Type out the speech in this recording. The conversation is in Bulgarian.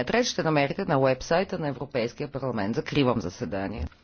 Ред ще намерите на уебсайта на Европейския парламент. Закривам заседанието.